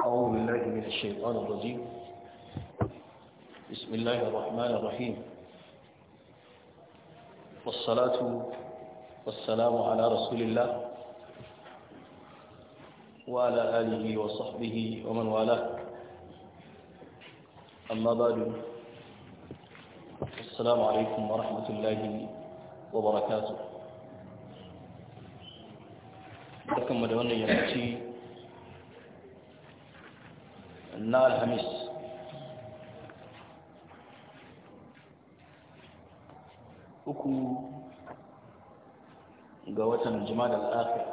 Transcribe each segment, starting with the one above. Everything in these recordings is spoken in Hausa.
أعوذ بالله من الشيطان الرجيم بسم الله الرحمن الرحيم والصلاة والسلام على رسول الله وعلى آله وصحبه ومن والاه أما بعد السلام عليكم ورحمة الله وبركاته بركم مدونة يمتي na alhamis uku ga watan jima'a al'afir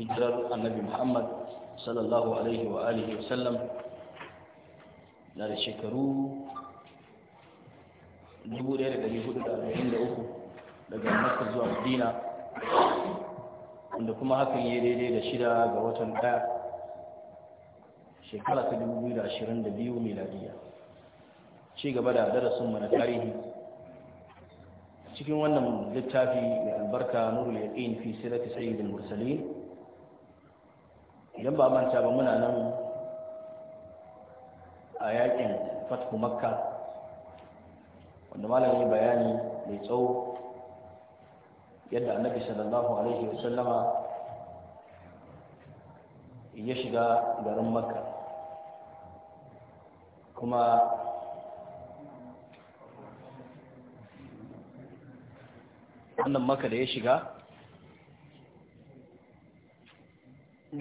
hijirar annabi muhammad sallallahu alaihi wa alihi wasallam na da shekaru 1443 daga makka zuwa madina wanda kuma hakan yi daidai da shida ga watan daya shekara ta 2022 miladiya ci gaba da darasin mu na tarihi cikin wannan littafi mai albarka ya yaqin fi sirati sayyidil mursali idan ba manta ba muna nan a yakin fatku makka wanda malamin bayani mai tsawo yadda annabi sallallahu alaihi wasallama ya shiga garin makka kuma wannan maka da ya shiga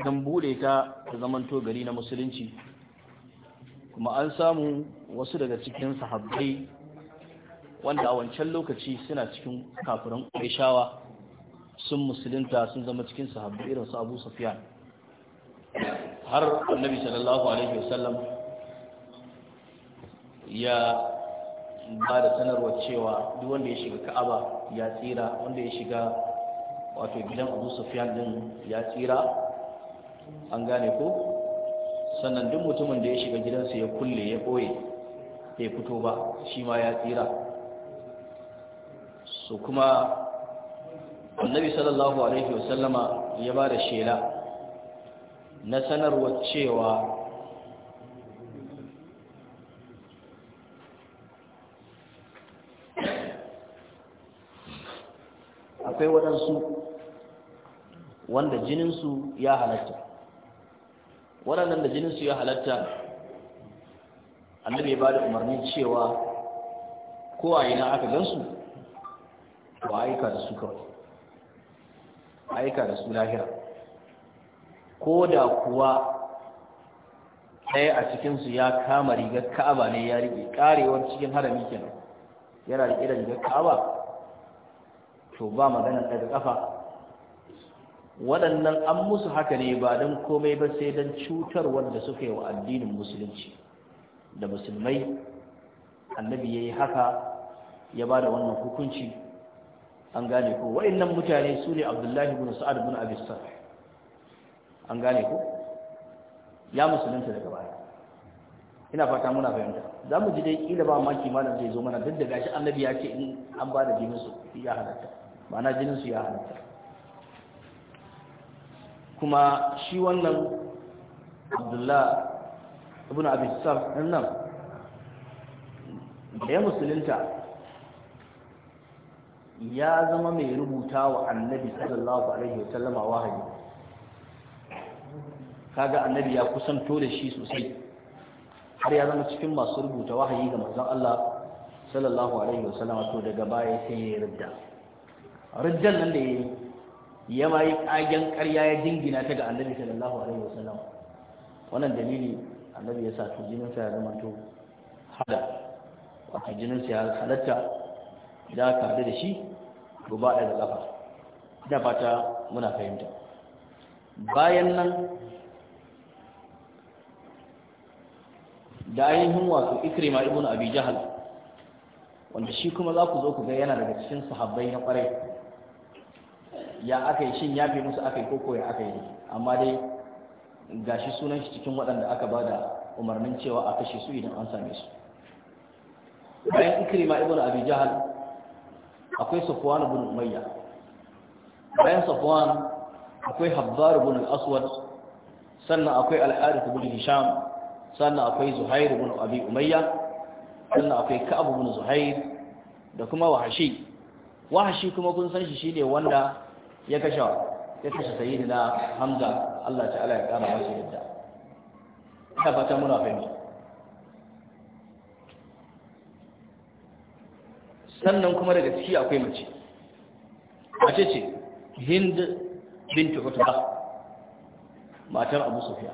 don bude ta ta zamanto gari na musulunci kuma an samu wasu daga cikin sahabbai wanda a wancan lokaci suna cikin kafirin shawa, sun musulunta sun zama cikin sahabbai irin su abu safiya har annabi sallallahu alaihi wasallam ya ba da sanarwar cewa duk wanda ya shiga ka'aba ya tsira wanda ya shiga wato gidan abu sufyan din ya tsira an gane ko sannan duk mutumin da ya shiga gidansa ya kulle ya ɓoye ya fito ba shi ma ya tsira su kuma annabi sallallahu alaihi wasallama ya ba da shela na sanarwar cewa akwai waɗansu wanda jininsu ya halatta waɗannan da jininsu ya halatta annabi ba da umarni cewa ko a yi na aka gansu ba aika da su kawai aika da su lahira ko da kuwa ɗaya a cikinsu ya kama rigar ka'aba ne ya riƙe ƙarewar cikin harami yana riƙe da rigar ka'aba to ba maganar daga kafa waɗannan an musu haka ne ba don komai ba sai don cutar wanda suka yi wa addinin musulunci da musulmai annabi ya yi haka ya ba da wannan hukunci an gane ko waɗannan mutane su ne abdullahi bin sa'ad bin abisar an gane ko ya musulunta daga baya ina fata muna fahimta za mu ji dai kila ba maki malam zai zo mana duk da gashi annabi ya ce in an ba da jinin su ya halatta ma'ana jininsu ya halatta kuma shi wannan abdullah ibn abisar ɗin nan da ya musulunta ya zama mai rubuta wa annabi sallallahu alaihi wa sallama wahayi kaga annabi ya kusanto da shi sosai har ya zama cikin masu rubuta wahayi ga manzon Allah sallallahu alaihi wa sallama to daga baya sai ya yarda rijjan nan da ya yi ya ma yi ƙagen ƙarya ya jingina ta ga annabi sallallahu alaihi wasallam wannan dalili annabi ya sa to jinin sa ya zama to hada wato jinin sa ya halatta idan aka haɗu da shi gaba da kafa ina fata muna fahimta bayan nan da ainihin wato ikrima ibn abi jahal wanda shi kuma za ku zo ku ga yana daga cikin sahabbai na kwarai ya aka yi shin ya fi musu aka yi koko ya aka yi amma dai shi sunan shi cikin waɗanda aka ba da umarnin cewa a kashe su idan an same su bayan ikrima ibn abi jahal akwai safwan ibn umayya bayan safwan akwai habbar ibn al-aswad sannan akwai al-harith ibn hisham sannan akwai zuhair ibn abi umayya sannan akwai ka'ab ibn zuhair da kuma wahashi wahashi kuma kun san shi shine wanda ya kashe ya kashe na hamza Allah ta'ala ya kara masa yadda Ya fata muna fahimta sannan kuma daga ciki akwai mace mace ce hind binti utba matar abu Sufiya.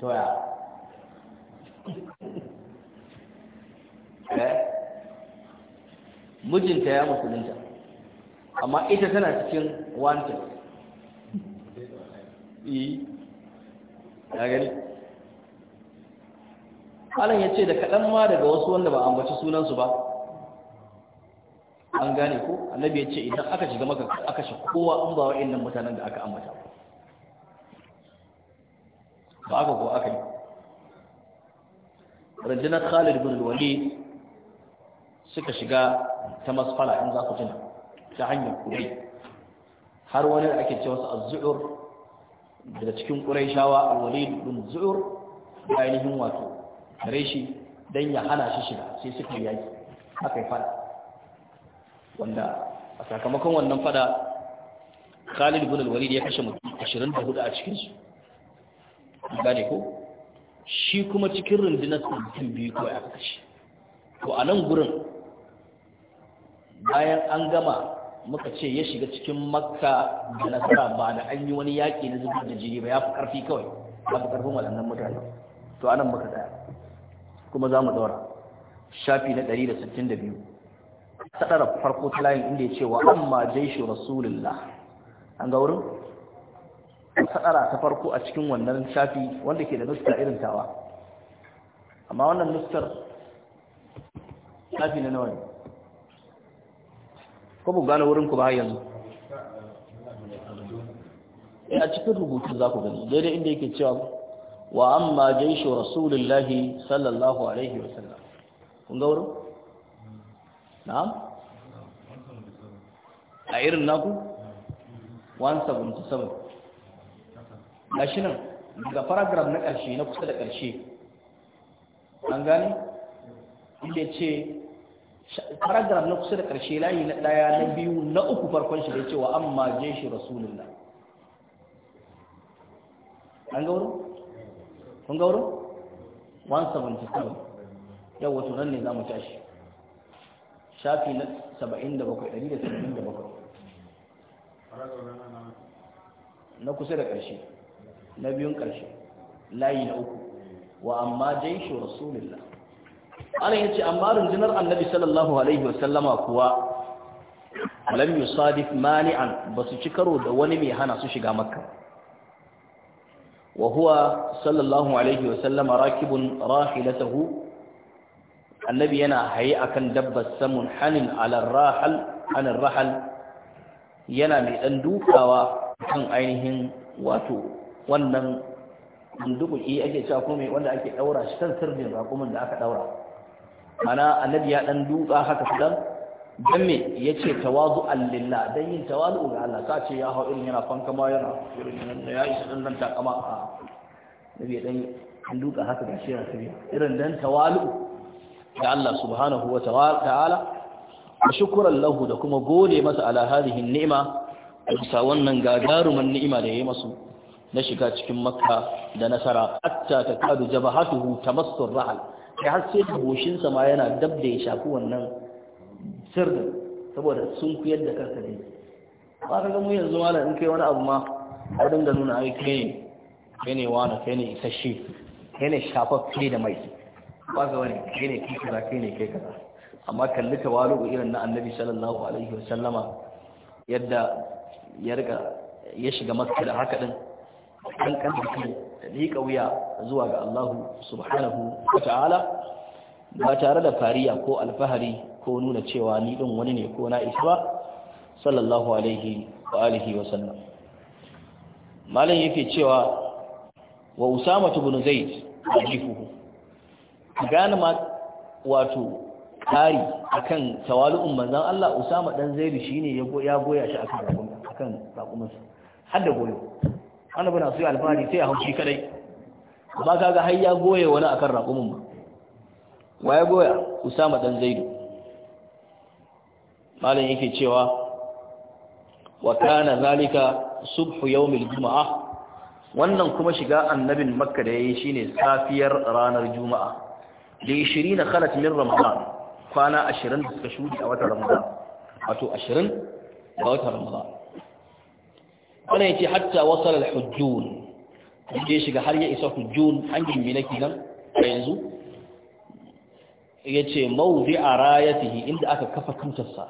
to ya eh? mijinta ya musulunta amma ita tana cikin wanton yi e, ya gani alan ya ce da kaɗan ma daga wasu wanda ba ambaci sunansu ba an gane ko annabi ya ce idan aka shiga maka aka shi kowa an ba wa'annan mutanen da aka ambata ba aka ko aka yi rundunar khalid bin walid suka shiga ta masfala in za ku tuna ta hanyar kudai har wani da ake ce wasu az-zu'ur daga cikin quraishawa al-walid bin zu'ur ainihin wato kare shi dan ya hana shi shiga sai suka yaki aka yi fada wanda a sakamakon wannan fada Khalid bin al-Walid ya kashe mutum 24 a cikin su gane ko shi kuma cikin rundunar mutum biyu ko ya kashe to a nan gurin bayan an gama muka ce ya shiga cikin makka da nasara ba da an yi wani yaƙi na zubar da jini ba ya fi ƙarfi kawai ya fi ƙarfin waɗannan mutane to anan muka ɗaya, kuma za mu ɗora shafi na ɗari da sittin da biyu ta ɗara farko ta layin inda ya ce wa amma shi rasulullah an ga wurin ta ɗara ta farko a cikin wannan shafi wanda ke da nuska irin tawa amma wannan nuskar shafi na nawa ne ko ba gane wurin ku ba yanzu eh, a cikin rubutu za ku gani daidai inda yake cewa wa amma jaishu rasulullahi sallallahu alaihi wa sallam kun ga wurin na'am a irin naku 177 gashi nan daga paragraph na ƙarshe na kusa da ƙarshe an gane inda ce paragraf na kusa da ƙarshe layi na ɗaya na biyu na uku farkon shi da cewa amma je shi rasulullah an gauru? kun gauru? 177 yau wato nan ne za mu tashi shafi na 77,177 na kusa da ƙarshe na biyun ƙarshe layi na uku wa amma je shi rasulullah ana yace amma rundunar annabi sallallahu alaihi wasallama kuwa lam yusadif mani'an basu ci karo da wani mai hana su shiga makka wa huwa sallallahu alaihi wasallama rakibun rahilatahu annabi yana haye akan dabbar samun hanin ala rahal yana mai dan dukawa kan ainihin wato wannan dukun iya eh, ake cewa kuma wanda ake daura shi kan sirrin raƙumin da aka daura mana annabi ya dan duka haka kadan dan me yace tawadu'an lillah dan yin tawadu'u ga Allah ka ce ya hau irin yana fanka ma yana irin ya yi dan dan takama a nabi dan an duka haka ga shira sabi irin dan tawalu ga Allah subhanahu wa ta'ala wa shukran lahu da kuma gode masa ala hadhihi ni'ma bisa wannan gagaruman ni'ima da yayi masu na shiga cikin makka da nasara hatta ta kadu jabahatuhu tamassur rahal kai har sai da sa ma yana dab da ya shafi wannan sirrin saboda sun kuyar da karka ne ba ka gamu yanzu ma in kai wani abu ma a dinga nuna ai kai ne kai ne wani kai ne isasshe kai ne kai da mai ba ka wani kai ne kai kaza kai ne kai kaza amma kalli ta ga irin na annabi sallallahu alaihi wasallama yadda ya riga ya shiga maka da haka din kan kan da liƙa wuya zuwa ga Allah subhanahu wa ta'ala ba tare da fariya ko alfahari ko nuna cewa ni din wani ne ko na isa ba sallallahu alaihi wa alihi wa sallam malam yake cewa wa usama ibn zaid ajifuhu gane ma wato kari akan tawalu'un manzon Allah usama dan zaid shine ya goya shi akan akan sakumansa har da goyo annabi na so alfahari sai ya haushi kadai amma ka har ya goye wani akan raƙumin ba wa ya goya usama dan zaidu malam yake cewa wa kana zalika subhu yawmil juma'a wannan kuma shiga annabin makka da yayi shine safiyar ranar juma'a da 20 khalat min ramadan kwana 20 da suka shudi a watan ramadan wato 20 ga watan ramadan wannan yake hatta wasala al-hujjun ya shiga har ya isa hujjun gimbi na kinan a yanzu Ya ce yace mawdi arayatihi inda aka kafa tutarsa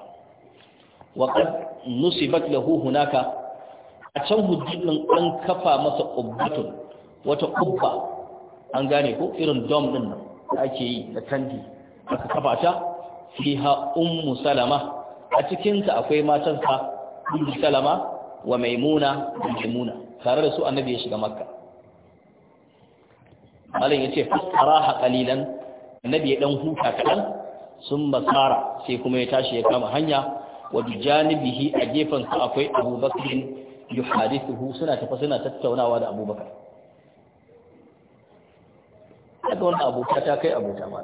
wa qad nusibat hunaka a can hujjun an kafa masa ƙubbatun wata ƙubba an gane ko irin dom ɗin nan ake yi da kandi aka kafa ta fi ha'un salama a cikinta akwai matansa ɗin salama wa maimuna maimuna tare da su annabi ya shiga makka malam ya ce fasaraha qalilan annabi ya dan huta kaɗan sun masara sai kuma ya tashi ya kama hanya wa bijanibihi a gefen sa akwai abu abubakar yuhadithuhu suna tafa suna tattaunawa da abubakar daga wani abota ta kai abota ma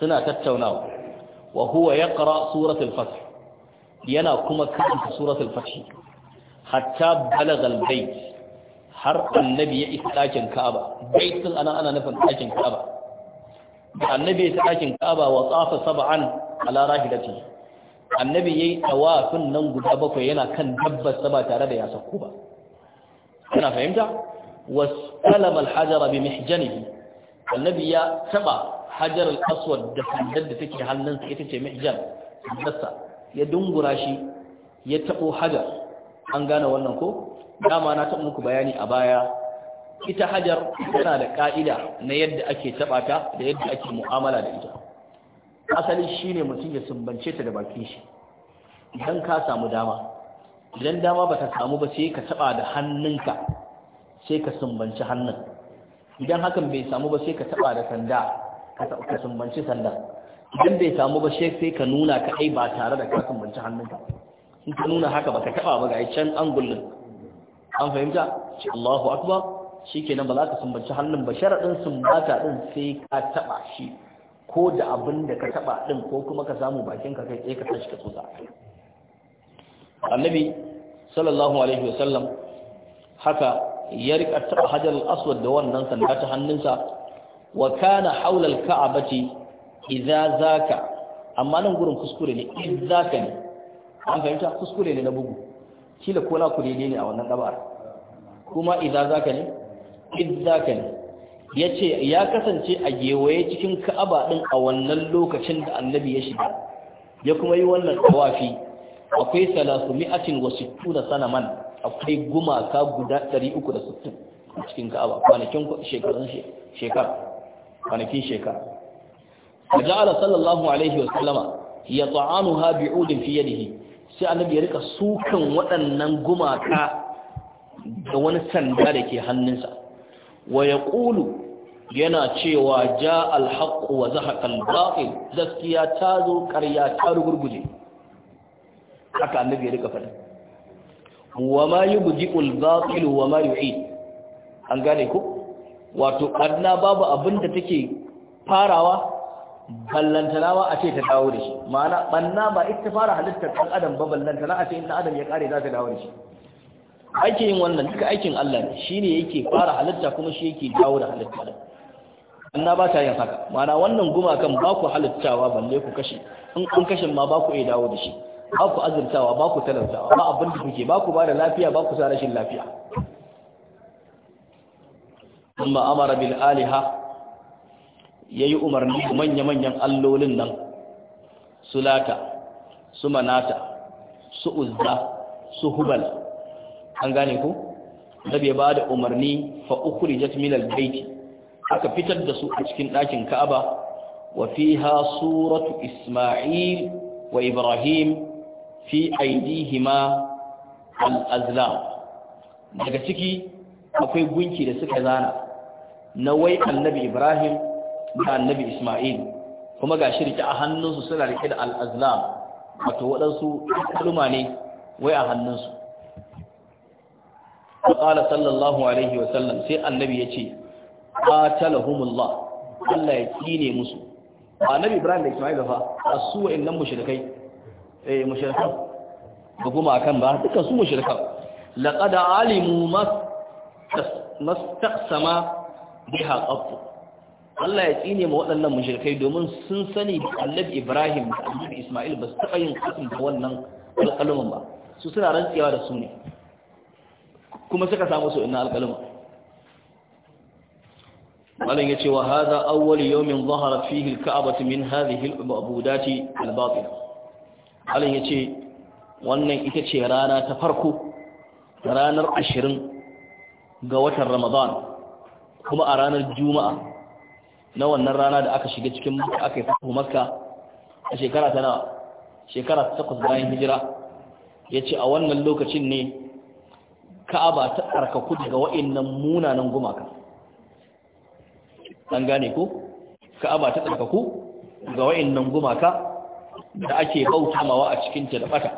suna tattaunawa wa huwa yaqra suratul fath yana kuma karanta suratul fath hatta balagal bayt har annabi ya isa ɗakin ka'aba baitin ana ana nufin ɗakin ka'aba da annabi ya isa ɗakin ka'aba wa tsafa saba'an ala rahilati annabi yayi tawafin nan guda bakwai yana kan dabbar ba tare da ya sako ba kana fahimta wasalama al-hajar bi mihjanihi annabi ya taba hajar al-aswad da sandar da take hannunsa ita ce mihjan sandarsa ya dungura shi ya tabo hajar an gane wannan ko dama na taɓa muku bayani a baya ita hajar tana da ƙa'ida na yadda ake taɓa ta da yadda ake mu'amala da ita asali ne mutum ya sumbance ta da bakin shi idan ka samu dama idan dama ba ta samu ba sai ka taɓa da hannunka sai ka sumbance hannun idan hakan bai samu ba sai ka taɓa da sanda ka sumbance sanda idan bai samu ba sai ka nuna kaɗai ba tare da ka sumbance hannunka in ka nuna haka ba ka taɓa ba ga can angullin an fahimta ce Allahu akbar shikenan ba za ka sumbaci hannun ba sharadin sumbata din sai ka taba shi ko da abin da ka taba din ko kuma ka samu bakin ka kai tsaye ka tashi ka tsotsa annabi sallallahu alaihi wasallam haka ya rika taba hajar aswad da wannan sanda ta hannunsa wa kana haula alka'bati idza zaka amma nan gurin kuskure ne idza ka ne an fahimta kuskure ne na bugu kila ko na ku daidai ne a wannan dabar kuma idan za ka ne id ne ya ce ya kasance a gewaye cikin ka'aba din a wannan lokacin da annabi ya shiga ya kuma yi wannan tawafi akwai salasu mi'atin wa sanaman akwai gumaka guda 360 cikin ka'aba kwanakin shekarun shekar kwanakin shekar ajala sallallahu alaihi wa sallama ya ta'anuha bi'udin fi yadihi sai annabi ya rika sukan waɗannan gumaka da wani sanda da ke hannunsa wa ya ƙulu yana cewa ja alhaƙo wa zahaƙal baƙil gaskiya ta zo ƙarya ta rugurguje haka annabi ya rika faɗi wa ma yi guji ulbaƙil wa ma yi an gane ku wato ƙarna babu abin da take farawa ballantanawa a ce ta dawo da shi ma'ana banna ba ita fara halittar ɗan adam ba ballantana a ce in adam ya kare za ta dawo da shi ake yin wannan duka aikin Allah ne shi ne yake fara halitta kuma shi yake dawo da halitta banna ba ta yin haka ma'ana wannan gumakan ba ku halittawa balle ku kashe in an kashe ma ba ku iya dawo da shi ba ku azurtawa ba ku talautawa ba abin da kuke ba ku ba da lafiya ba ku sa rashin lafiya ثم أمر بالآلهة ya yi umarni manya-manyan allolin nan su lata su manata su uzza su hubal an gane ku nabi ba da umarni fa ukhrijat min albayti aka fitar da su a cikin ɗakin Ka'aba wa fiha suratu Isma'il wa Ibrahim fi aidihima al daga ciki akwai gunki da suka zana na wai annabi Ibrahim da annabi Ismail kuma ga shirki a hannunsu suna rike da al-azlam wato waɗansu kalma ne wai a hannunsu qala sallallahu alaihi wa sallam sai annabi ya ce, qatalahumullah Allah ya kine musu A annabi Ibrahim da Ismail fa asu wa innam mushrikai eh mushrikan ba kuma akan ba duka su mushrikan laqad alimu mas mastaqsama biha qattu Allah ya tsine ma waɗannan mushrikai domin sun sani annabi Ibrahim da annabi Isma'il ba su taɓa yin kasan da wannan alƙalumin ba su suna rantsewa da su ne kuma suka samu su ina alƙaluma malam yace wa hadha awwal yawmin zahara fihi al-ka'bah min hadhihi al-ma'budati al-batila malam ce wannan ita ce rana ta farko ranar 20 ga watan Ramadan kuma a ranar Juma'a na wannan rana da aka shiga cikin makka aka yi fatahu makka a shekara ta nawa shekara ta takwas bayan hijira ya ce a wannan lokacin ne ka'aba ta tsarkaku daga wa'innan munanan gumaka an gane ko ka'aba ta tsarkaku ga wa'innan gumaka da ake bauta mawa a cikin ta da bata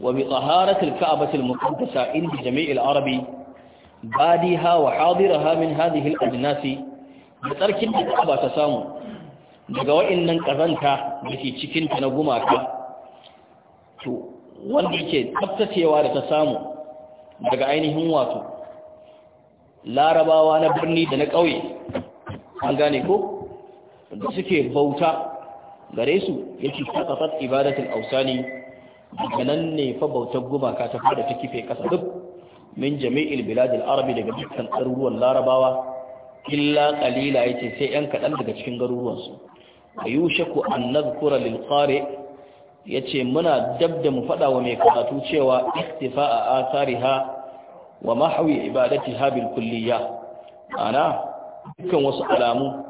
wa bi taharatil ka'batil muqaddasa inda jami'il arabi badiha wa hadiraha min hadhihi al-ajnasi da tsarkin da ba ta samu daga wa'annan ƙazanta da ke cikin ta na gumaka to wanda yake tsaftacewa da ta samu daga ainihin wato larabawa na birni da na ƙauye an gane ko da suke bauta gare su yake tsakasar ibadatin ausani daga nan ne fa bautar gumaka ta fara ta kife kasa duk min jami'il biladil arabi daga dukkan tsaruruwan larabawa illa qalila yace sai yan kadan daga cikin garuruwansu ayushaku an nadhkura lil qari yace muna dabda mu fada wa mai karatu cewa istifa'a athariha wa mahwi ibadatiha bil kulliya ana dukkan wasu alamu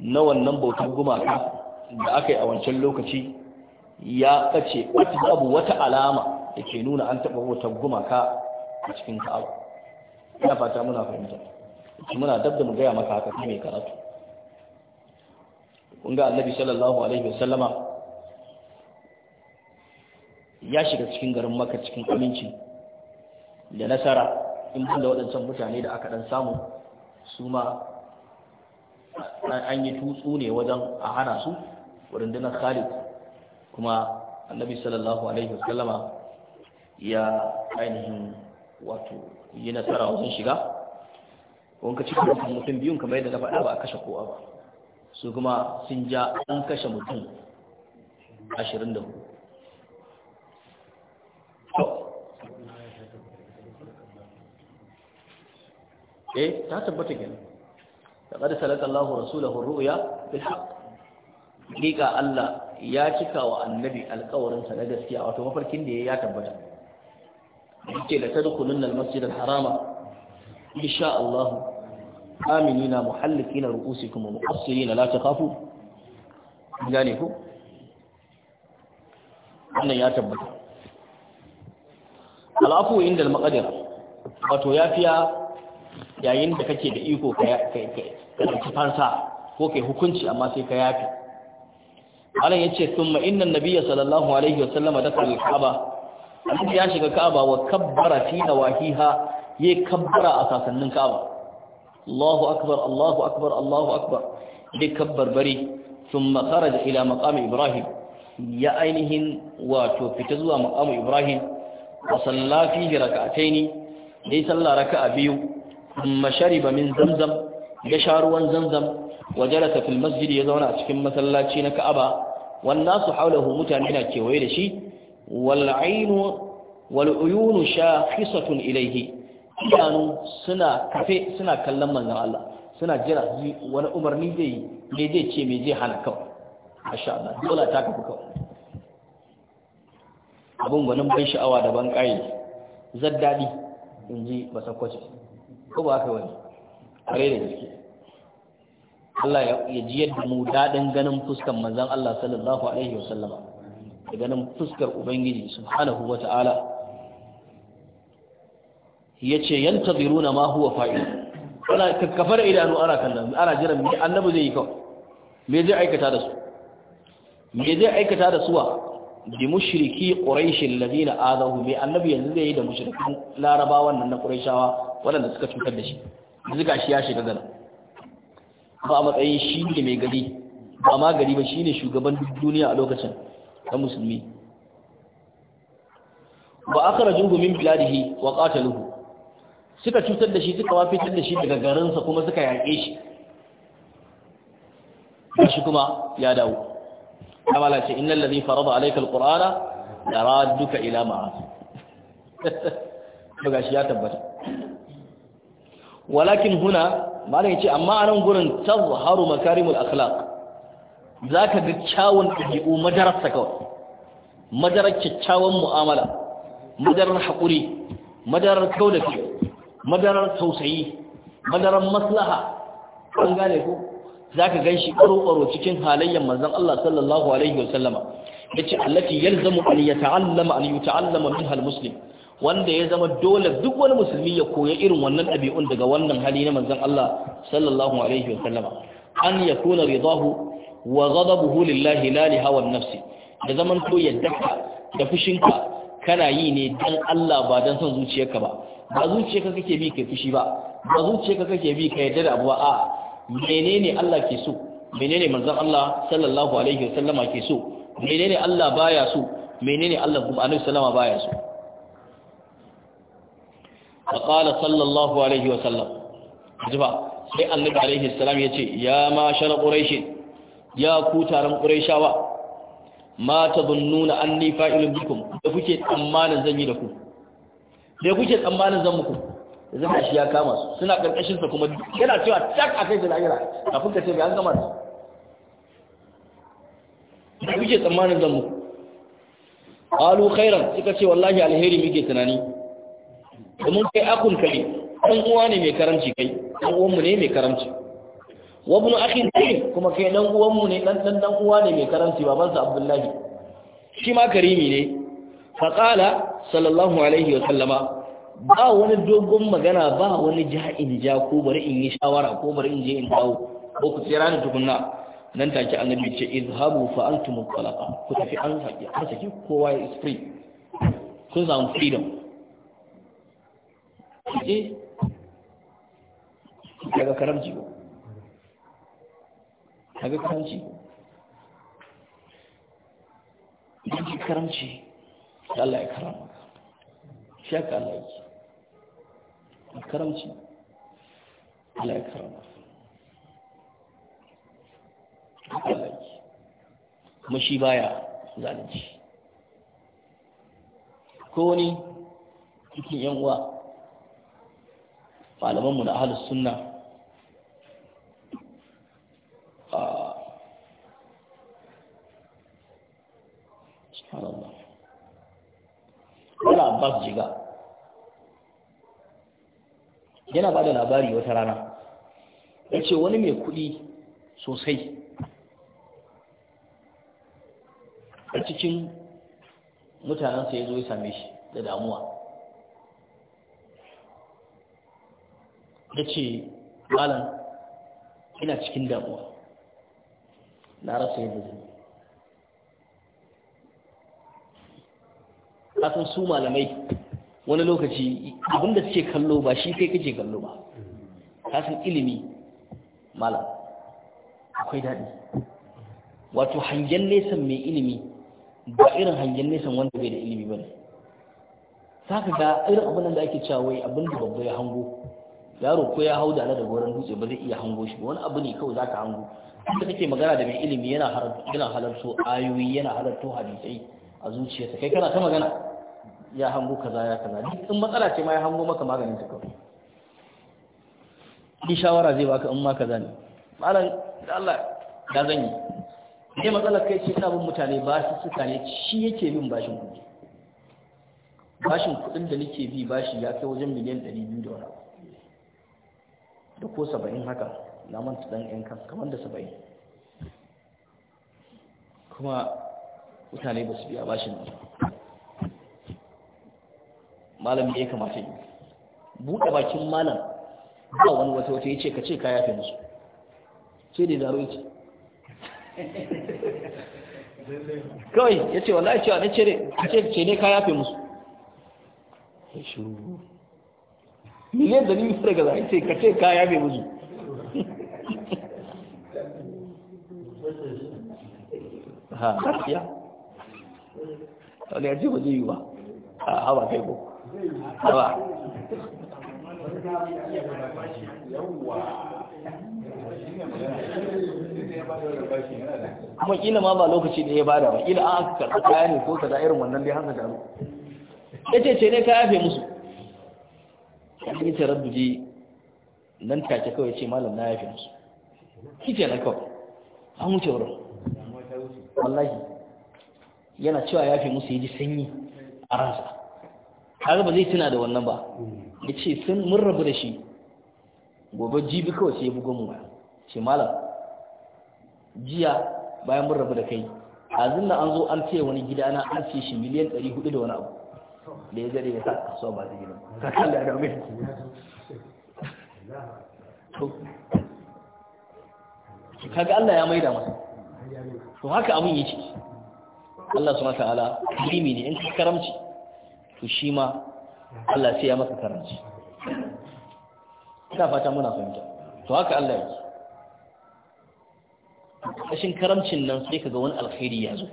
na wannan bautar gumaka da aka yi a wancan lokaci ya kace babu wata alama da ke nuna an taɓa bautar gumaka a cikin ka'aba ina fata muna fahimta muna dab da mu gaya maka haka kuma karatu kun ga annabi sallallahu alaihi wasallama ya shiga cikin garin maka cikin aminci da nasara in banda waɗancan mutane da aka ɗan samu su ma an yi tutsu ne wajen a hana su rundunar khalid kuma annabi sallallahu alaihi wasallama ya ainihin wato yi nasara wajen shiga Wanka ka cikin mutum biyun kamar yadda na faɗa ba a kashe kowa ba su kuma sun ja an kashe mutum ashirin da hudu eh ta tabbata kenan laqad salaka Allahu rasulahu ru'ya bil hakika Allah ya cika wa annabi alkawarinsa na gaskiya wato mafarkin da ya tabbata ce da ta al-masjid al-harama insha aminina muhallikina ru'usikum wa muqassirina la takhafu gane ku wannan ya tabbata al'afu inda al-maqdir wato yafiya yayin da kake da iko ka ka fansa ko kai hukunci amma sai ka yafi Allah yace thumma inna an-nabiyya sallallahu alaihi wasallam dakhala al-kaaba annabi ya shiga kaaba wa kabbara fi nawahiha yayi kabbara a sasannin kaaba Allahu akbar Allahu akbar Allahu akbar dukkan barbari thumma kharaja ila maqam Ibrahim ya ainihin wato fita zuwa maqam Ibrahim wa da fihi rak'ataini yayi salla raka'a biyu thumma shariba min zamzam ya sha ruwan zamzam waje jalasa fil masjidi ya zauna a cikin masallaci na Ka'aba wan nasu haulahu mutane na kewaye da shi wal ainu wal uyunu shakhisatun ilayhi idanu suna kafe suna kallon manzan Allah suna jira wani umarni zai yi me zai ce me zai hana kawai a sha'adar dola ta kafa kawai abin gwanin ban sha'awa da ban ƙayi zaddadi in ji basakwace ko ba aka wani kare da jiki Allah ya ji yadda mu daɗin ganin fuskar manzan Allah sallallahu alaihi wasallama da ganin fuskar Ubangiji subhanahu wa ta'ala Ya ce ma huwa fa'il ana kakkafar idanu ana kallon ana jiran mai annabu zai yi kawai me zai aikata da su me zai aikata da suwa bi mushriki quraish alladhina azahu mai annabu yanzu zai yi da mushrikin laraba wannan na quraishawa waɗanda suka cutar da shi Zika shi ya shiga gana ba a matsayin shi ne mai gari ba ma gari ba shi ne shugaban duniya a lokacin na musulmi Ba a akhrajuhu min biladihi wa qataluhu suka cutar da shi suka wafitar da shi daga garinsa kuma suka yaƙe shi shi kuma ya dawo kamala ce innal ladhi farada alayka alqur'ana laraduka ila ma'as daga shi ya tabbata walakin huna malam yace amma anan gurin tazharu makarimul akhlaq ka ga kyawun dabi'u madarasa kawai madarar kyakkyawan mu'amala madarar haƙuri madarar kyau. madarar tausayi madarar maslaha an gane ko zaka ganshi ƙaro-ƙaro cikin halayyar manzon Allah sallallahu alaihi wasallama yace allati yalzamu an yata'allama an yuta'allama minha almuslim wanda ya zama dole duk wani musulmi ya koya irin wannan ɗabi'un daga wannan hali na manzon Allah sallallahu alaihi wasallama an yakuna ridahu wa ghadabuhu lillahi la hawan nafsi da zaman to yadda da fushinka kana yi ne dan Allah ba don son zuciyarka ba ba zuciya ka kake bi kai fushi ba ba zuciya ka kake bi ka yadda da abuwa a menene Allah ke so menene manzon Allah sallallahu alaihi wasallama ke so menene Allah baya so menene Allah kuma annabi salama baya so qala sallallahu alaihi wasallam jiba sai annabi alaihi salam yace ya ma shar quraish ya ku taron quraishawa ma tadunnuna anni fa'ilun bikum da kuke tsammanin zan yi da ku me kuke tsammanin zan muku zan shi ya kama su suna karkashin sa kuma yana cewa tak akai da lahira kafin ka ce ga an gama su me kuke tsammanin zan muku alu khairan suka ce wallahi alheri muke tunani domin kai akun kai dan uwa ne mai karamci kai dan uwan mu ne mai karamci wa ibn akhin kai kuma kai dan uwan mu ne dan dan dan uwa ne mai karamci babansa abdullahi shi ma karimi ne faƙala sallallahu alaihi wa sallama, ba wani dogon magana ba wani ja'in ja ko bari in yi shawara ko bari in je in dawo ko ku tsira ni tukunna nan take annabi ce izhabu fa antum talaqa ku tafi an haƙi an saki kowa ya free kun zama freedom je daga karamci ko daga karamci ko karamci Allah ya karama shi haka Allah yake karamci Allah ya karama Allah yake kuma shi baya zalunci ko wani cikin yan uwa malamanmu na ahlus sunna yana ba da labari wata rana ya ce wani mai kuɗi sosai a cikin mutanensa ya zo ya same shi da damuwa ya ce malam ina cikin damuwa na rasa yadda zai kasan su malamai wani lokaci abinda suke kallo ba shi kai kake kallo ba kasan ilimi malam akwai daɗi wato hangen nesan mai ilimi ba irin hangen nesan wanda bai da ilimi ba ne ka ga irin abin da ake cewa wai abin da babba ya hango yaro ko ya hau da daga wurin dutse ba zai iya hango shi wani abu ne kawai za ka hango inda kake magana da mai ilimi yana halarto ayoyi yana halarto hadisai a zuciyarsa kai kana ta magana ya hango kaza ya kaza duk in matsala ce ma ya hango maka maganin ta kawai ni shawara zai baka in ma kaza ne malam da Allah da zan yi ne matsalar kai ce ina bin mutane ba su suka ne shi yake bin bashin kuɗi bashin kuɗin da nake bi bashi ya kai wajen miliyan ɗari biyu da wani da ko saba'in haka na manta ɗan ƴan kan kamar da saba'in kuma mutane ba su biya bashin nan malam ya kamata yi buɗe bakin malam ba wani wata wata ya ce ka ce ka yafe musu ce ne zaro ce kawai ya ce wallahi cewa na ce ce ne ka yafe musu ya shuru miliyan da biyu daga zai ce ka ce ka yafe musu ha gaskiya wani ya ce ba zai yi ba a hawa kai ko haba kuma kila ma ba lokaci da ya bada ba kila an aka karɓi kaya ne ko kaza irin wannan dai haka daru yace ce ne ka yafe musu kan yi taraddudi nan take kawai ce malam na yafe musu kike na kawai an wuce wurin wallahi yana cewa yafe musu yaji sanyi a ransa kaga ba zai tuna da wannan ba ya ce sun mun rabu da shi gobe jibi kawai sai ya bugo mu ce malam jiya bayan mun rabu da kai A zinna an zo an ce wani gida na an ce shi miliyan 400 da wani abu da ya gare ya sa kasuwa ba zai gina ba. ka kalla da mai kaga Allah ya maida masa to haka abin yake Allah subhanahu wa ta'ala karimi ne in karamci to shi ma Allah sai ya masa karanci ina fata muna fahimta to haka Allah yake kashin karamcin nan sai kaga wani alkhairi ya zo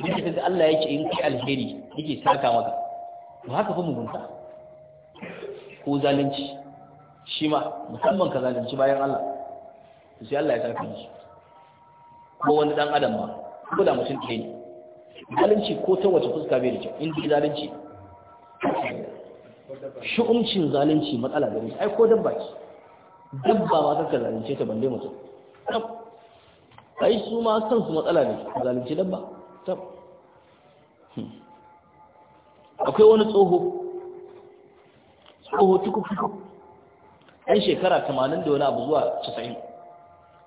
yadda kaga Allah yake in kai alheri yake saka maka to haka fa mugunta ko zalunci shi ma musamman ka zalunci bayan Allah sai Allah ya saka shi ko wani dan adam ma ko da mutum ɗaya ne zalunci ko ta wace fuska bai da kyau in ji zalunci shu'umcin zalunci matsala gare ai ko dabba ce dabba ma ka zalunce ta bande mutum tab ai su ma su matsala ne zalunci dabba tab hmm. akwai wani tsoho tsoho tuku-tuku. ɗan shekara tamanin da wani abu zuwa casa'in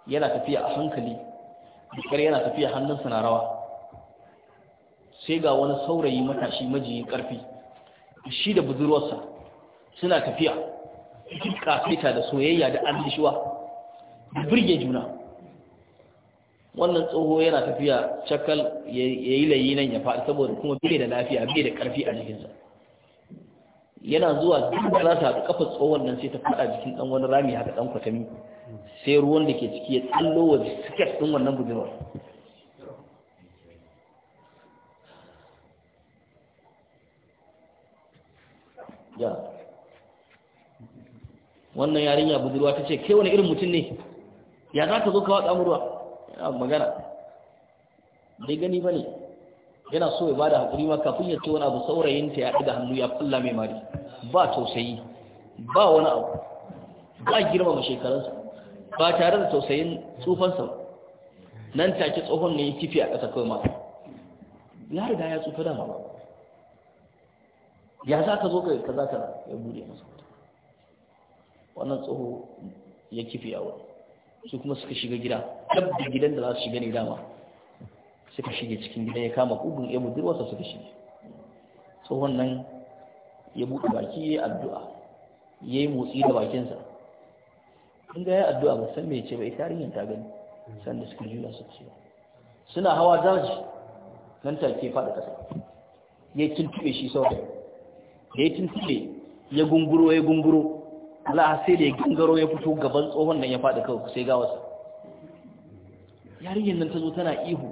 yana tafiya a hankali da yana tafiya hannunsa na rawa sai ga wani saurayi matashi majiyin ƙarfi shi da budurwarsa suna tafiya kafeta da soyayya da annishuwa da birge juna wannan tsoho yana tafiya cakal ya yi layi nan ya faɗi saboda kuma bai da lafiya bai da ƙarfi a jikinsa yana zuwa duk da za ta haɗu ƙafa tsohon nan sai ta faɗa jikin ɗan wani rami haka ɗan kwatami sai ruwan da ke ciki ya tsallo wa siket ɗin wannan budurwar ya wannan yarinya budurwa ta ce ke wani irin mutum ne ya za ka zo ka watsa murwa magana bai gani ba ne yana so ya bada haƙuri ma kafin ya ce wani abu saurayinta ya da hannu ya kulla mai mari ba tausayi ba wani abu ba girmama shekarunsa ba tare da tausayin sa. nan take tsohon ne ya kifi a ƙasa kawai ma ya riga ya tsufa dama ba ya za ka zo ka za ka ya bude masa wannan tsoho ya kife a wani su kuma suka shiga gida dabba gidan da za su shiga ne dama suka shige cikin gida ya kama kugun ya budurwarsa suka shige tsohon nan ya buɗe baki ya addu'a ya yi motsi da bakinsa in ga ya addu'a ba san mai ce ba ita yin ta gani da suka juna su ce suna hawa daji nan take faɗa ƙasa ya tuntube shi saurayi da ya tuntule ya gunguro ya gunguro Allah sai da ya gangaro ya fito gaban tsohon nan ya faɗi kawai sai gawarsa yarinyar nan ta zo tana ihu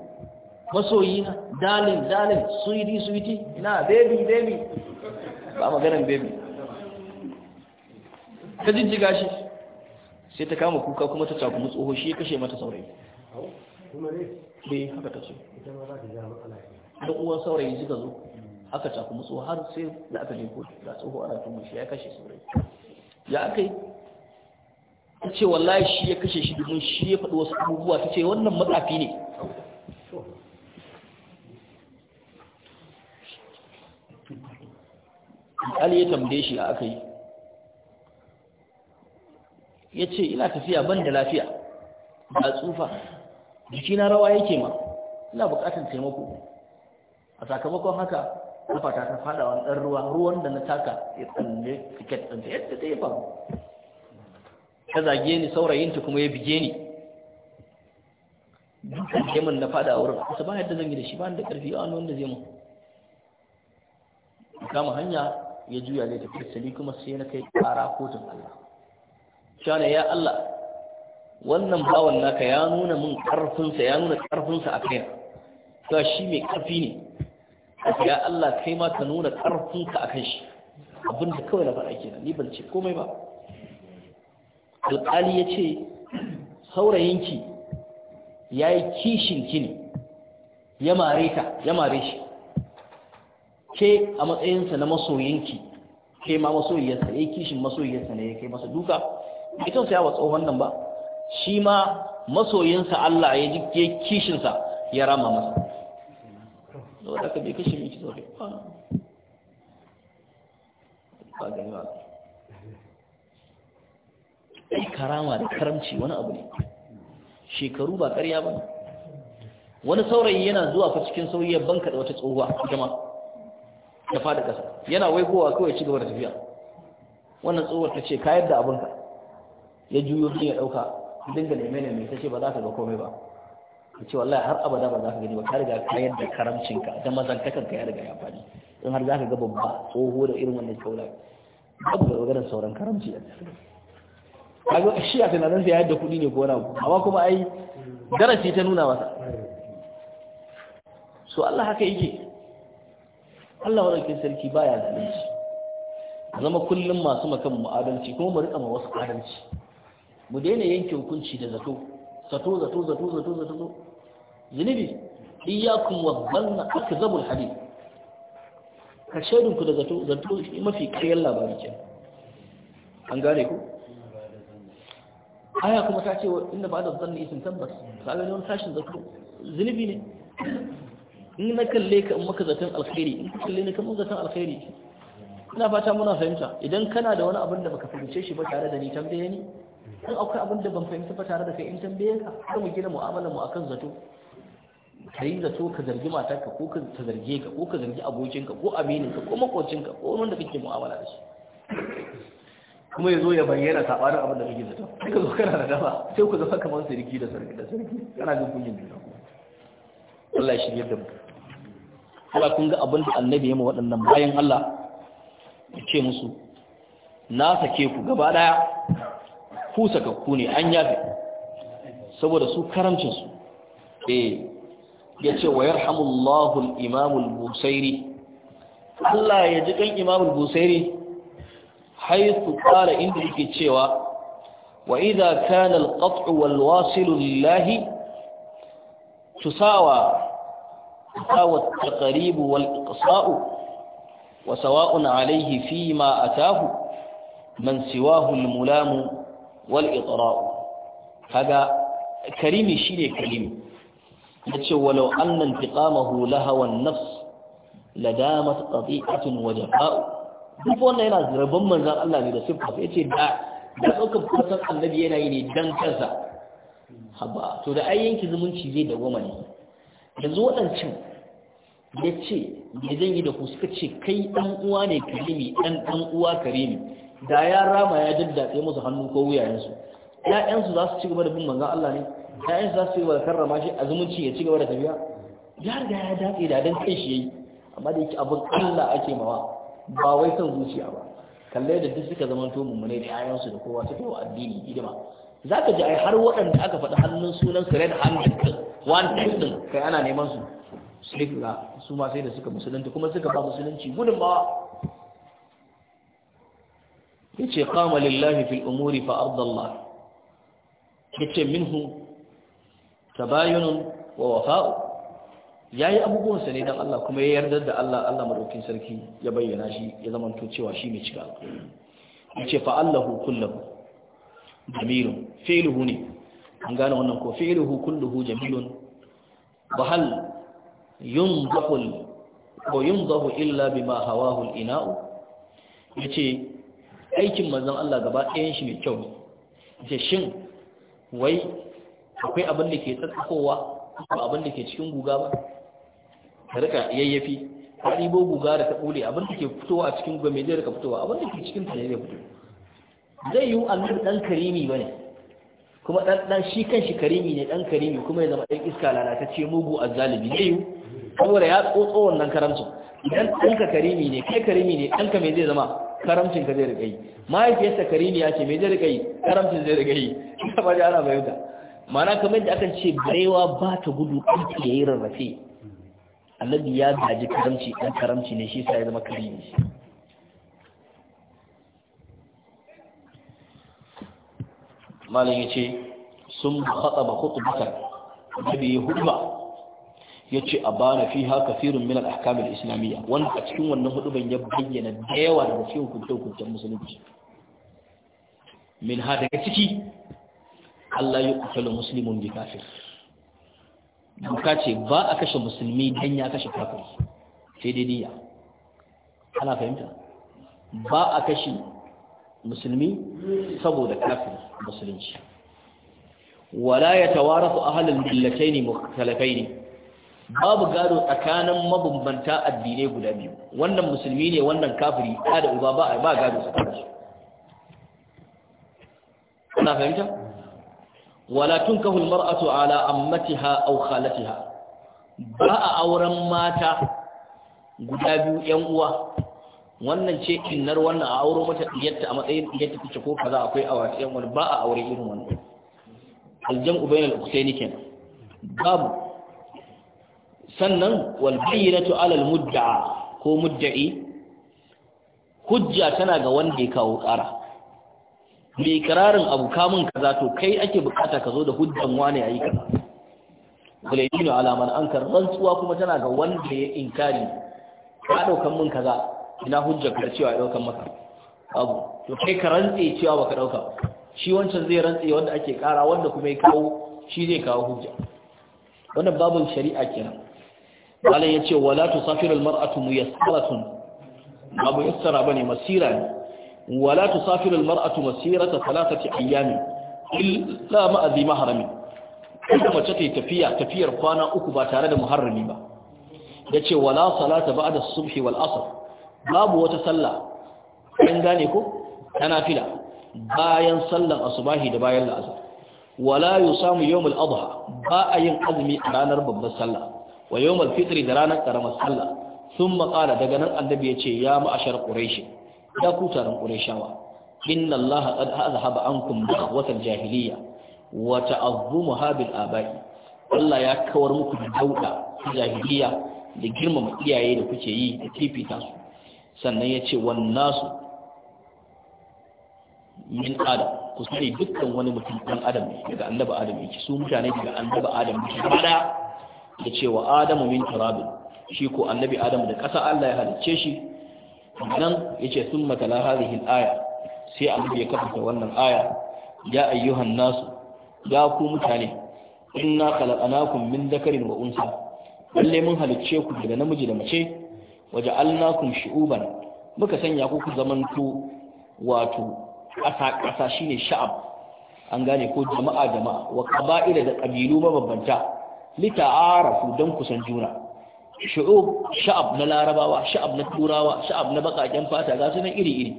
masoyi na dalin dalin suiti suiti na baby baby ba maganin baby ta jinji shi sai ta kama kuka kuma ta takumi tsoho shi ya kashe mata saurayi bai eh, haka ta ce ɗan uwan saurayi suka zo aka tafi kuma har sai da aka jefo kotu da tsoho ana tumu shi ya kashe rai ya aka yi ta ce wallahi shi ya kashe shi domin shi ya faɗi wasu abubuwa ta ce wannan matsafi ne Ali ya tambaye shi a aka yi ya ce ina tafiya ban da lafiya ba tsufa jikina rawa yake ma ina bukatan taimako a sakamakon haka kafata ta fada wani ɗan ruwa ruwan da na taka ya tsalle tiket ɗin ta yadda ta yi faru ta zage ni saurayinta kuma ya bige ni dukkan jemin na fada a wurin kusa ba yadda zan yi da shi ba da ƙarfi yawan wanda zai mu kama hanya ya juya zai tafi sali kuma sai na kai ƙara kotun Allah shana ya Allah wannan bawan naka ya nuna min ƙarfinsa ya nuna ƙarfinsa a kai to shi mai ƙarfi ne ya Allah kai ma ka nuna ƙarfinka a kan shi abinda kawai na faɗa kenan ni ban ce komai ba alƙali ya ce saurayinki ya yi ki ne ya mare ka ya mare shi ke a matsayinsa na masoyinki ke ma masoyiyarsa ya yi kishin masoyiyarsa ne ya kai masa duka ita sai wa tsohon nan ba shi ma masoyinsa Allah ya ji kishinsa ya rama masa so da bai kashe miki sosai ba ba gani ba ai karama da karamci wani abu ne shekaru ba ƙarya ba wani saurayi yana zuwa fa cikin sauyi ya banka da wata tsohuwa jama ta fada ƙasa yana waigowa kawai ci gaba da tafiya wannan tsohuwar ta ce ka yadda abinka ya juyo ya ɗauka dinga neme ne mai ta ce ba za ka ga komai ba Ka ce wallahi har abada ba za ka gani ba ka riga ka yadda karamcinka da mazantakan ka ya riga ya fadi in har za ka ga babba tsoho da irin wannan saura babu da maganar sauran karamci kaga shi a tunanin sa ya yadda kuɗi ne ko wani abu amma kuma ai darasi ta nuna masa so Allah haka yake Allah wadda sarki baya zalunci zama kullum masu makan mu'adalci kuma mu riƙa ma wasu adalci mu daina yanke hukunci da zato zato zato zato zato zato zunubi iyakun wa aka zabu hadi ka shaidun ku da zato zato mafi kayan labarin ce an gane ku aya kuma ta ce wa inda ba da zanni isin tabbas ka ga wani tashin zato zunubi ne in na kalle ka in maka zaton alkhairi in ka kalle ni kamar zaton alkhairi ina fata muna fahimta idan kana da wani abin da baka fahimce shi ba tare da ni tambaye ni kan akwai abin da ban fahimta ba tare da kai in tambaye ka kuma mu gina mu'amalar mu akan zato ka yi zato ka zargi matarka ko ka zarge ka ko ka zargi abokinka ko amininka ko makocinka ko wanda kake mu'amala da shi kuma ya zo ya bayyana saɓanin abin da kake zato sai ka zo kana da dama sai ku zama kamar sarki da sarki da sarki kana jin kunyin juna Allah ya shirye da mu Allah kun ga abin da annabi ya ma waɗannan bayan Allah ya ce musu na sake ku gaba ɗaya ku sakakku ne an yafe saboda su karamcin su eh ya ce wa yarhamullahu imamul busairi Allah ya ji kan imamul busairi haythu qala inda yake cewa wa idha kana al-qat'u wal wasilu lillahi tusawa tusawa at wal iqsa'u wa sawa'un alayhi fima atahu man siwahu al-mulamu wal itra'u kaga karimi shine karimi yace walau anna intiqamahu lahawa an-nafs ladamat qati'atun waje jafa'u duk wannan yana zarban manzon Allah ne da ya yace da da ɗaukar kusan annabi yana yi ne dan kansa haba to da ai yanki zumunci zai dawoma ne yanzu waɗancan ya ce zan yi da ku suka ce kai ɗan uwa ne karimi ɗan ɗan uwa karimi da ya rama ya daddatse musu hannu ko wuyayensu ƴaƴansu za su ci gaba da bin manzon Allah ne ƴaƴansu za su yi wa karrama shi a zumunci ya ci gaba da tafiya ya riga ya dace da dan kai shi yayi amma da yake abin Allah ake mawa ba wai san zuciya ba kalle da duk suka zama to mummune da ƴaƴansu da kowa suka yi wa addini hidima zaka ji ai har waɗanda aka faɗi hannun sunan su red handed one hand kai ana neman su sai ga su ma sai da suka musulunta kuma suka ba musulunci gudunmawa yace qama lillahi fil umuri fa arda yace minhu tabayunun wa wafa'u yayi abubuwansa ne dan Allah kuma ya yarda da Allah Allah madaukin sarki ya bayyana shi ya zama to cewa shi mai cika yace fa Allahu kullahu damirun fi'luhu ne an gane wannan ko fi'luhu kulluhu jamilun wa yunzahu ko yunzahu illa bima hawahu al-ina'u yace aikin manzon Allah gaba ɗayan shi mai kyau yace shin wai akwai abin da ke tsatsakowa ba abin da ke cikin guga ba ka rika yayyafi ka ɗibo guga da ta ɓule abin da ke fitowa a cikin guga mai zai rika fitowa abin da ke cikin ta zai fito zai yi annabi ɗan karimi ba ne kuma ɗan shi kan shi karimi ne ɗan karimi kuma ya zama ɗan iska lalatacce mugu zalibi zai yi saboda ya tsotso wannan karamcin idan ɗanka karimi ne kai karimi ne ɗanka mai zai zama karamcin ka zai rika yi mahaifiyarsa ya ce mai zai rika yi karamcin zai rika yi ina ba da ana bayanta mana kamar da akan ce barewa ba ta gudu in ya yi rarrafe annabi ya gaji karamci ɗan karamci ne shi sa ya zama kari ne malam ya ce sun haɗa ba kutu bakar annabi ya hudu ba ya ce a bana fi haka firin minal akamil islamiyya wanda a cikin wannan hudu ban ya bayyana da yawa daga cikin hukunta hukuncen musulunci min ha daga ciki Allah ya kusalu musulmin bi kafir Duka ce ba a kashe musulmi don ya kashe kafiri sai dai niyya ana fahimta ba a kashe musulmi saboda kafir musulunci wala ya tawara a ahalin millatai ne mutalafai ne babu gado tsakanin mabambanta addinai guda biyu wannan musulmi ne wannan kafiri Ya da uba ba gado tsakaninsu ana fahimta? wala tunkahu almar'atu ala ammatiha aw khalatiha ba a auren mata guda biyu yan uwa wannan ce kinnar wannan a auro mata diyatta a matsayin diyatta take ko kaza akwai awa yan wani ba a aure irin wannan aljam'u bainal ukhtayn kenan babu sannan wal bayyinatu ala al mudda'a ko mudda'i hujja tana ga wanda ya kawo ƙara mai kirarin abu kamun kaza to kai ake bukata ka zo da hujjan wane ayi kaza bulaydinu alaman ankar rantsuwa kuma tana ga wanda ya inkari ka daukan mun kaza ina hujjar ka cewa daukan maka abu to kai ka rantse cewa baka dauka shi wancan zai rantse wanda ake kara wanda kuma ya kawo shi zai kawo hujja wannan babun shari'a kenan malam yace wala tusafiru almar'atu muyassaratun babu yassara bane masira ne wala tusafiru mar'atu masirata thalathati ayyamin illa ma'a dhi mahramin kada mace ta tafiya tafiyar kwana uku ba tare da muharrami ba yace wala salata ba'da as-subhi wal babu wata sallah an gane ko tana fila bayan sallan asubahi da bayan la'asar wala yusamu yawmul ba a yin azumi a ranar babbar sallah wa yawmul da ranar karamar sallah sun qala daga nan annabi ce ya ma'ashar quraishi ya ku taron qurayshawa inna allaha qad azhaba ankum bakhwatal jahiliya wa ta'azzumaha bil aba'i Allah ya kawar muku da dauda jahiliya da girmama iyaye da kuke yi da kifita su sannan ya ce wannasu min adam ku sani dukkan wani mutum ɗan adam daga annaba adam yake su mutane daga annaba adam yake bada da cewa adamu min turabin shi ko annabi adam da kasa Allah ya halicce shi nan yace sun matala harihin aya sai annabi ya kafa wannan aya ya ayyuhan nasu ya ku mutane inna khalaqnakum min dhakarin wa unsa lalle mun halicce ku daga namiji da mace waje waja'alnakum shu'uban muka sanya ku ku zamanto wato ƙasa ƙasa shine sha'ab an gane ko jama'a jama'a wa qaba'ila da qabilu mabambanta lita'arafu dan kusan juna shu'ub sha'ab na larabawa sha'ab na turawa sha'ab na bakaken fata ga su nan iri-iri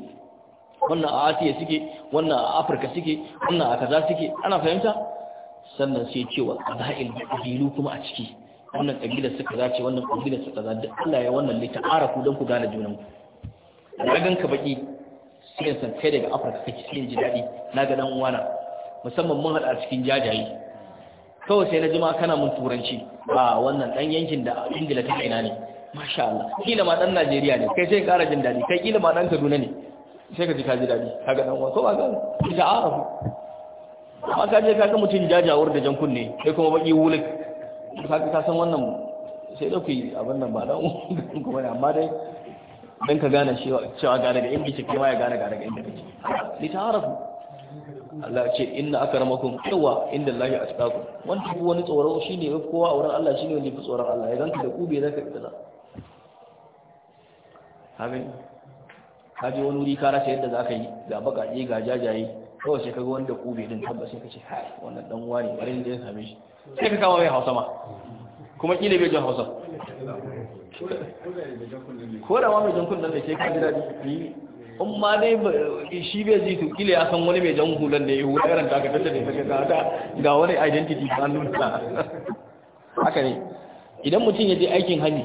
wannan a asiya suke wannan a afirka suke wannan a kaza suke ana fahimta sannan sai cewa ƙaba'il ƙabilu kuma a ciki wannan ƙabilar suka za ce wannan ƙabilar suka za duk Allah ya wannan lita ara ku don ku gane junan ku na gan ka baki sai san kai daga afirka kake cikin jidadi daɗi na ga dan uwana musamman mun haɗa cikin jajaye kawai sai na jima kana mun turanci ba wannan dan yankin da ingila ta ina ne masha Allah kila ma dan Najeriya ne kai sai ƙara jin dadi kai kila ma dan Kaduna ne sai ka ji ka ji dadi kaga dan wato ba ga da arafu amma ka je kaga mutun jajawar da jan kunne sai kuma baki wulik ka ka san wannan sai da ku yi abin nan ba dan kuma ne amma dai dan ka gane cewa cewa ga daga inda kike ma ya gane ga daga inda kike ta ta'arafu Allah ce inna akramakum yawa inda Allah ya atqakum wanda duk wani tsoro shine ne kowa a wurin Allah shine wanda ya fi tsoron Allah ya ganka da kube zaka fita hagan ka je wani wuri kara sai yadda zaka yi ga bakaje ga jajaye kawai sai kaga wanda kube din tabbas sai kace hai wannan dan wani ne da ya same shi sai ka kawo mai Hausa ma kuma kila bai jin Hausa ko da ma mai jin kunnen ne sai ka jira ni in ma dai shi bai ji to kila ya san wani mai jan hulan da ya hula irin ta ka da ta ga wani identity ta nuna haka ne idan mutum ya je aikin hannu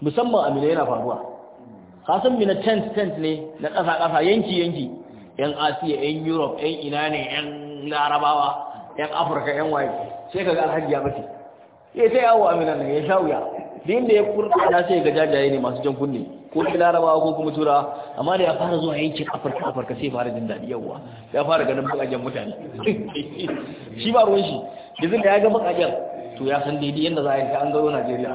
musamman a mina yana faruwa kasan mina tent tent ne na ƙasa ƙasa yanki yanki yan asiya yan europe yan ina ne yan larabawa yan afirka yan waye sai ga alhaji ya mace. ya sai yawo a Amina ne ya sha din da ya furta na sai ga jajaye ne masu jan kunne ko da larabawa ko kuma tura amma da ya fara zuwa yankin afirka afirka sai fara jin daɗi yawa ya fara ganin bakajen mutane shi ba ruwan shi yanzu da ya ga bakajen to ya san daidai yadda za a yi an gano najeriya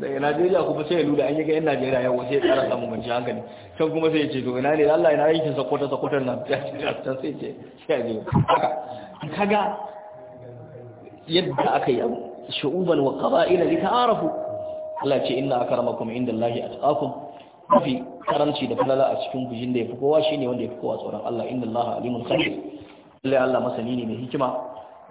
daga najeriya kuma sai ya lura an yi ga yan najeriya yawa sai ya tsara samun kwanci hankali can kuma sai ya ce to ina ne allah ina yankin sakwata sakwatar na can sai ce sai ya je kaga yadda aka yi abu shu'uban wa qaba'ila lita'arafu Allah ce inna akramakum indallahi atqakum mafi karanci da falala a cikin gujin da yafi kowa shine wanda yafi kowa tsoron Allah innallaha alimul khabir lalle Allah masani ne mai hikima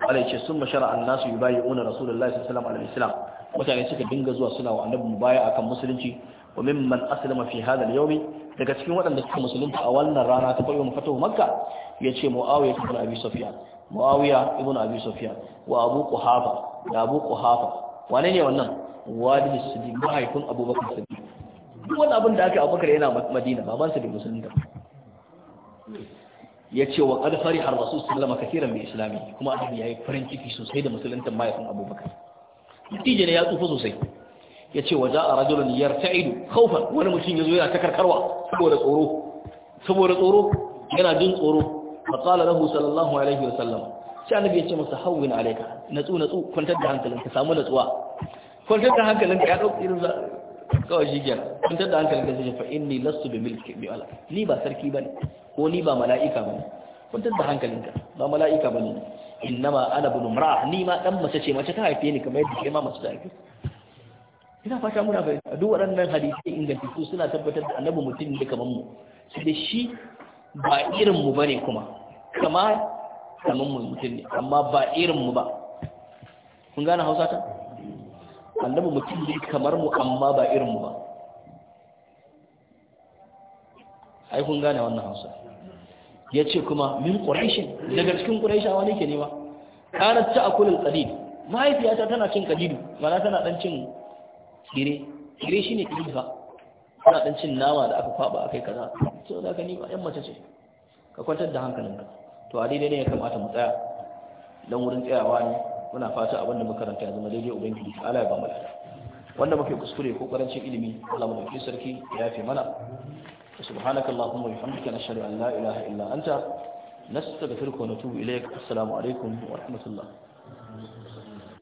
Allah ce summa shar'a an-nasu yubayi'una rasulullahi sallallahu alaihi wasallam mutane suka dinga zuwa suna wa annabi mubaya akan musulunci wa mimman aslama fi hadha al-yawmi daga cikin waɗanda suka musulunta a wannan rana ta bayyana fatuhu makka yace muawiya ibn abi sufyan muawiya ibn abi sufyan wa abu quhafa da abu quhafa wane ne wannan walid siddiq mahaifin abubakar siddiq duk wani abin da aka abubakar yana madina baban sa da musulunta ya ce wa qad fariha rasul sallama kaseeran bi islami kuma annabi yayi farin ciki sosai da musulunta mahaifin abubakar natija ne ya tsufa sosai ya ce wa za'a rajulun yarta'idu khawfan wani mutum yazo yana ta saboda tsoro saboda tsoro yana jin tsoro faqala lahu sallallahu alaihi wa sallam sai annabi ya ce masa hawwin alayka natsu natsu kwantar da ka samu natsuwa kwantar da ka ya dauki irin kawai shi gyara in tattar hankalin ka sai fa inni lastu bi milki bi ala ni ba sarki bane ko ni ba mala'ika bane kun tattar hankalin ka ba mala'ika bane innama ana bin umra ni ma ɗan mace ce mace ta haife ni kamar yadda kai ma mace ta haife ina fata muna A duk waɗannan hadisi ingantattu suna tabbatar da annabi mutum ne kamar mu sai shi ba irin mu bane kuma kama kamar mu mutum ne amma ba irin mu ba kun gane hausa ta annabi mutum ne kamar mu amma ba irin mu ba ai kun gane wannan hausa ya ce kuma min ƙurashin daga cikin ƙurashin ne ke nema ƙanar ta a kulin ƙadidu mahaifiyata tana cin ƙadidu mana tana ɗan cin gire? Gire shi ne ƙadidu tana ɗan cin nama da aka faɓa a kai kaza sau da aka nima ‘yan mace ce ka kwantar da hankalinka to a daidai ne ya kamata mu tsaya don wurin tsayawa ne muna fata abin da makaranta ya zama daidai ubangiji Allah ya ba mu wanda muke kuskure ko karancin ilimi Allah mu dauke sarki ya fi mana subhanaka allahumma wa bihamdika nashhadu an la ilaha illa anta nastaghfiruka wa natubu ilayk assalamu alaikum wa rahmatullah